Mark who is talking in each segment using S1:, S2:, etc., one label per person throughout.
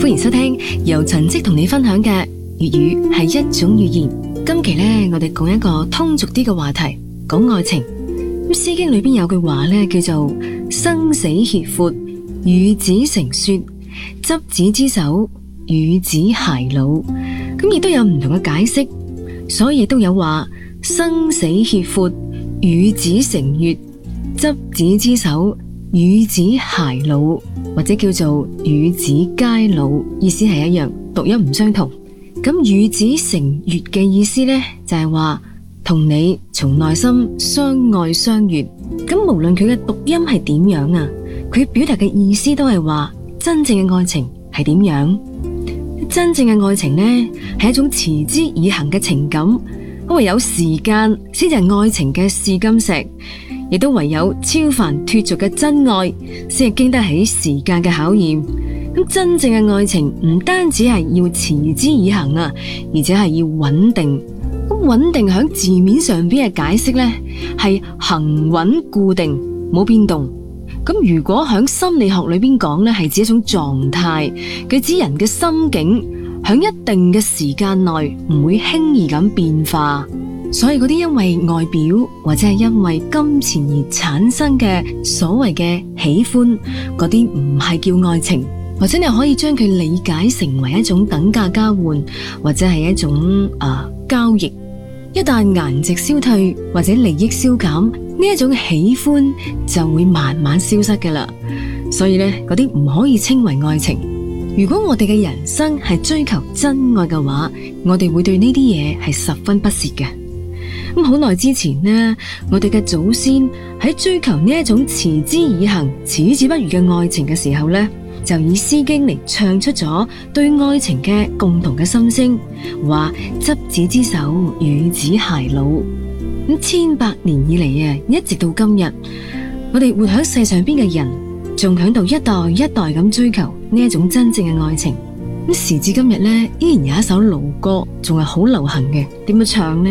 S1: 歡迎收聽，由陳織同你分享嘅粵語係一種語言。今期呢，我哋講一個通俗啲嘅話題，講愛情。咁《詩經》裏面有句話咧，叫做生死契闊，與子成說，執子之手，與子偕老。咁亦都有唔同嘅解釋，所以也都有話生死契闊，與子成月，執子之手。與子偕老或者叫做與子偕老，意思係一樣，讀音唔相同。咁與子成悅嘅意思呢，就係話同你從內心相愛相悅。咁無論佢嘅讀音係點樣啊，佢表達嘅意思都係話真正嘅愛情係點樣？真正嘅愛情呢，係一種持之以恆嘅情感，因為有時間先至係愛情嘅試金石。亦都唯有超凡脫俗嘅真愛，先係經得起時間嘅考驗。真正嘅愛情唔單止係要持之以恆啊，而且係要穩定。咁穩定響字面上邊嘅解釋呢，係恆穩固定，冇變動。咁如果響心理學裏面講呢，係指一種狀態，佢指人嘅心境響一定嘅時間內唔會輕易咁變化。所以嗰啲因為外表或者係因為金錢而產生嘅所謂嘅喜歡，嗰啲唔係叫愛情，或者你可以將佢理解成為一種等價交換，或者係一種誒、呃、交易。一旦顏值消退或者利益消減，呢一種喜歡就會慢慢消失噶啦。所以呢，嗰啲唔可以稱為愛情。如果我哋嘅人生係追求真愛嘅話，我哋會對呢啲嘢係十分不屑嘅。好耐之前呢，我哋嘅祖先喺追求呢一種持之以恆、持之不渝嘅愛情嘅時候呢，就以詩經嚟唱出咗對愛情嘅共同嘅心聲，話執子之手，與子偕老。千百年以嚟啊，一直到今日，我哋活響世上邊嘅人仲響度一代一代咁追求呢一種真正嘅愛情。咁時至今日呢，依然有一首老歌仲係好流行嘅，點樣唱呢？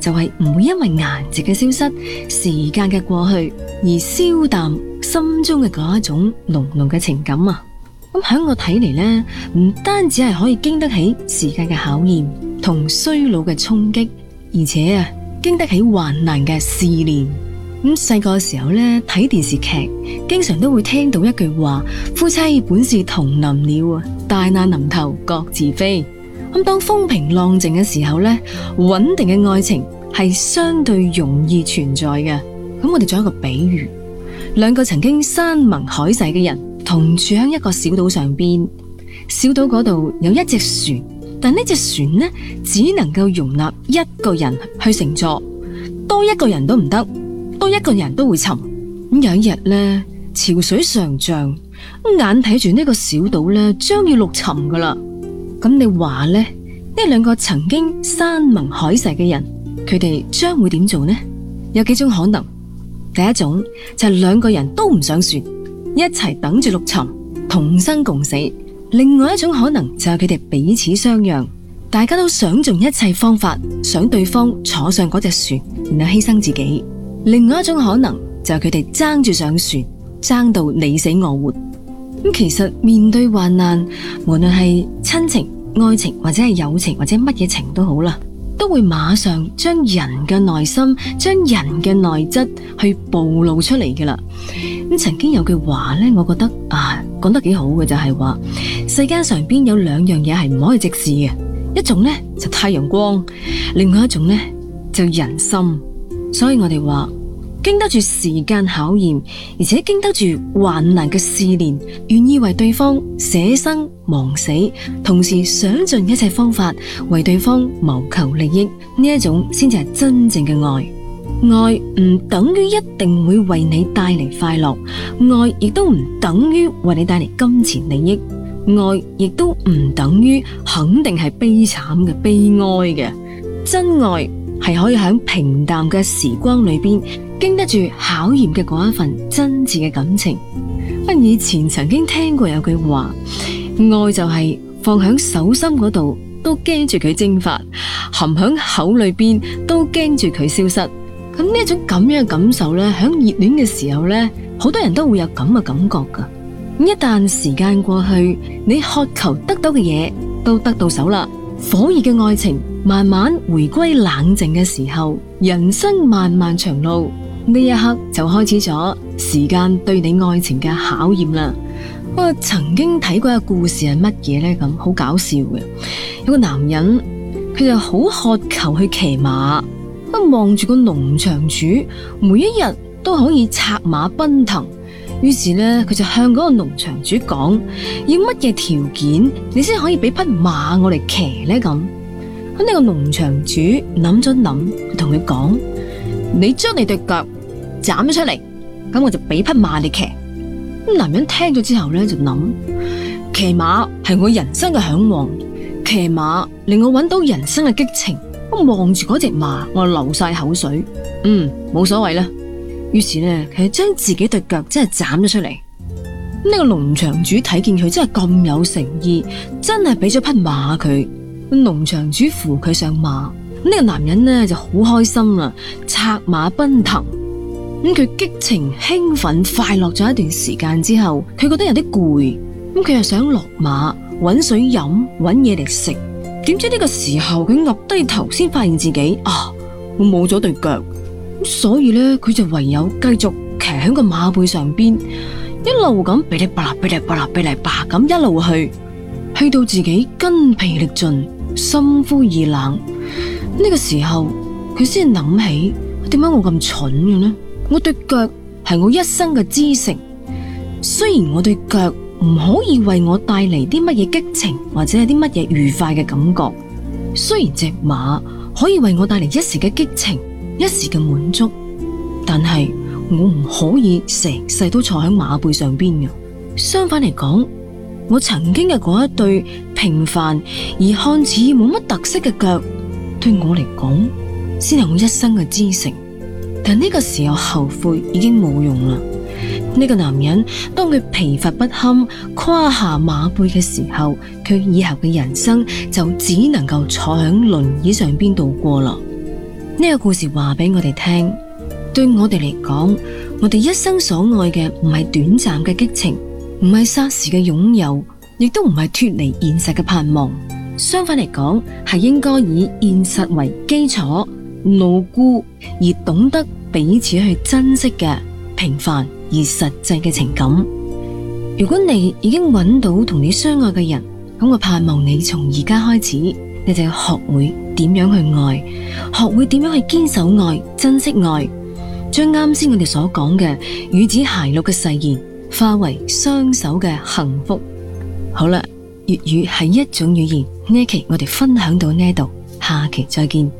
S1: 就係唔會因為顏值嘅消失、時間嘅過去而消淡心中嘅嗰一種濃濃嘅情感啊！咁、嗯、喺我睇嚟呢，唔單止係可以經得起時間嘅考驗同衰老嘅衝擊，而且啊，經得起患難嘅試煉。咁細個嘅時候呢，睇電視劇經常都會聽到一句話，夫妻本是同林鳥啊，大難臨頭各自飛。咁當風平浪靜嘅時候呢，穩定嘅愛情係相對容易存在嘅。咁我哋做一個比喻，兩個曾經山盟海誓嘅人，同住喺一個小島上邊。小島嗰度有一隻船，但呢隻船呢，只能夠容納一個人去乘坐，多一個人都唔得，多一個人都會沉。咁有一日呢，潮水上漲，眼睇住呢個小島呢，將要陸沉㗎喇。咁你話呢，呢兩個曾經山盟海誓嘅人，佢哋將會點做呢？有幾種可能？第一種就係、是、兩個人都唔上船，一齊等住陸沉，同生共死；另外一種可能就係佢哋彼此相讓，大家都想盡一切方法，想對方坐上嗰隻船，然後犧牲自己；另外一種可能就係佢哋爭住上船，爭到你死我活。咁其實面對患難，無論係親情、愛情或者係友情或者乜嘢情都好啦，都會馬上將人嘅內心、將人嘅內質去暴露出嚟嘅啦。曾經有句話呢，我覺得啊，講得幾好嘅就係話，世間上邊有兩樣嘢係唔可以直視嘅，一種呢就太陽光，另外一種呢就人心。所以我哋話。經得住時間考驗，而且經得住患難嘅試煉，願意為對方捨生忘死，同時想盡一切方法為對方謀求利益，呢一種先至係真正嘅愛。愛唔等於一定會為你帶嚟快樂，愛亦都唔等於為你帶嚟金錢利益，愛亦都唔等於肯定係悲慘嘅、悲哀嘅。真愛係可以喺平淡嘅時光裏邊。經得住考驗嘅嗰一份真摯嘅感情。啊，以前曾經聽過有句話，愛就係放喺手心嗰度都驚住佢蒸發，含喺口裏邊都驚住佢消失。咁呢種咁樣嘅感受咧，響熱戀嘅時候呢，好多人都會有咁嘅感覺噶。一旦時間過去，你渴求得到嘅嘢都得到手啦。火熱嘅愛情慢慢回歸冷靜嘅時候，人生漫漫長路。呢一刻就開始咗時間對你愛情嘅考驗啦。我曾經睇過一個故事係乜嘢呢？咁好搞笑嘅，有個男人佢就好渴求去騎馬，佢望住個農場主，每一日都可以策馬奔騰。於是呢，佢就向嗰個農場主講：要乜嘢條件，你先可以俾匹馬我嚟騎呢？」咁呢個農場主諗咗諗，就同佢講。你將你對腳斬咗出嚟，咁我就俾匹馬你騎。男人聽咗之後咧就諗，騎馬係我人生嘅向往，騎馬令我搵到人生嘅激情。我望住嗰隻馬，我流晒口水。嗯，冇所謂啦。於是咧，佢將自己對腳真係斬咗出嚟。呢個農場主睇見佢真係咁有誠意，真係俾咗匹馬佢。農場主扶佢上馬。呢個男人咧就好開心啦，策馬奔騰。咁、嗯、佢激情、興奮、快樂咗一段時間之後，佢覺得有啲攰，咁、嗯、佢又想落馬搵水飲、搵嘢嚟食。點知呢個時候佢落低頭先發現自己啊，我冇咗對腳。咁所以咧，佢就唯有繼續騎喺個馬背上邊，一路咁嗶哩吧啦、嗶哩吧啦、嗶哩吧啦咁一路去，去到自己筋疲力盡、心灰意冷。呢個時候佢先諗起點解我咁蠢嘅呢？我對腳係我一生嘅支撐，雖然我對腳唔可以為我帶嚟啲乜嘢激情，或者係啲乜嘢愉快嘅感覺。雖然隻馬可以為我帶嚟一時嘅激情、一時嘅滿足，但係我唔可以成世都坐喺馬背上邊嘅。相反嚟講，我曾經嘅嗰一對平凡而看似冇乜特色嘅腳對我嚟講，先係我一生嘅支撐。但呢個時候後悔已經冇用啦。呢個男人當佢疲乏不堪、跨下馬背嘅時候，佢以後嘅人生就只能夠坐喺輪椅上邊度過啦。呢個故事話俾我哋聽，對我哋嚟講，我哋一生所愛嘅唔係短暫嘅激情，唔係霎時嘅擁有，亦都唔係脱離現實嘅盼望。相反嚟講，係應該以現實為基礎，牢固而懂得彼此去珍惜嘅平凡而實際嘅情感。如果你已經揾到同你相愛嘅人，咁我盼望你從而家開始，你就要學會點樣去愛，學會點樣去堅守愛、珍惜愛，將啱先我哋所講嘅與子偕老嘅誓言，化為雙手嘅幸福。好啦。粵語係一種語言，呢期我哋分享到呢度，下期再見。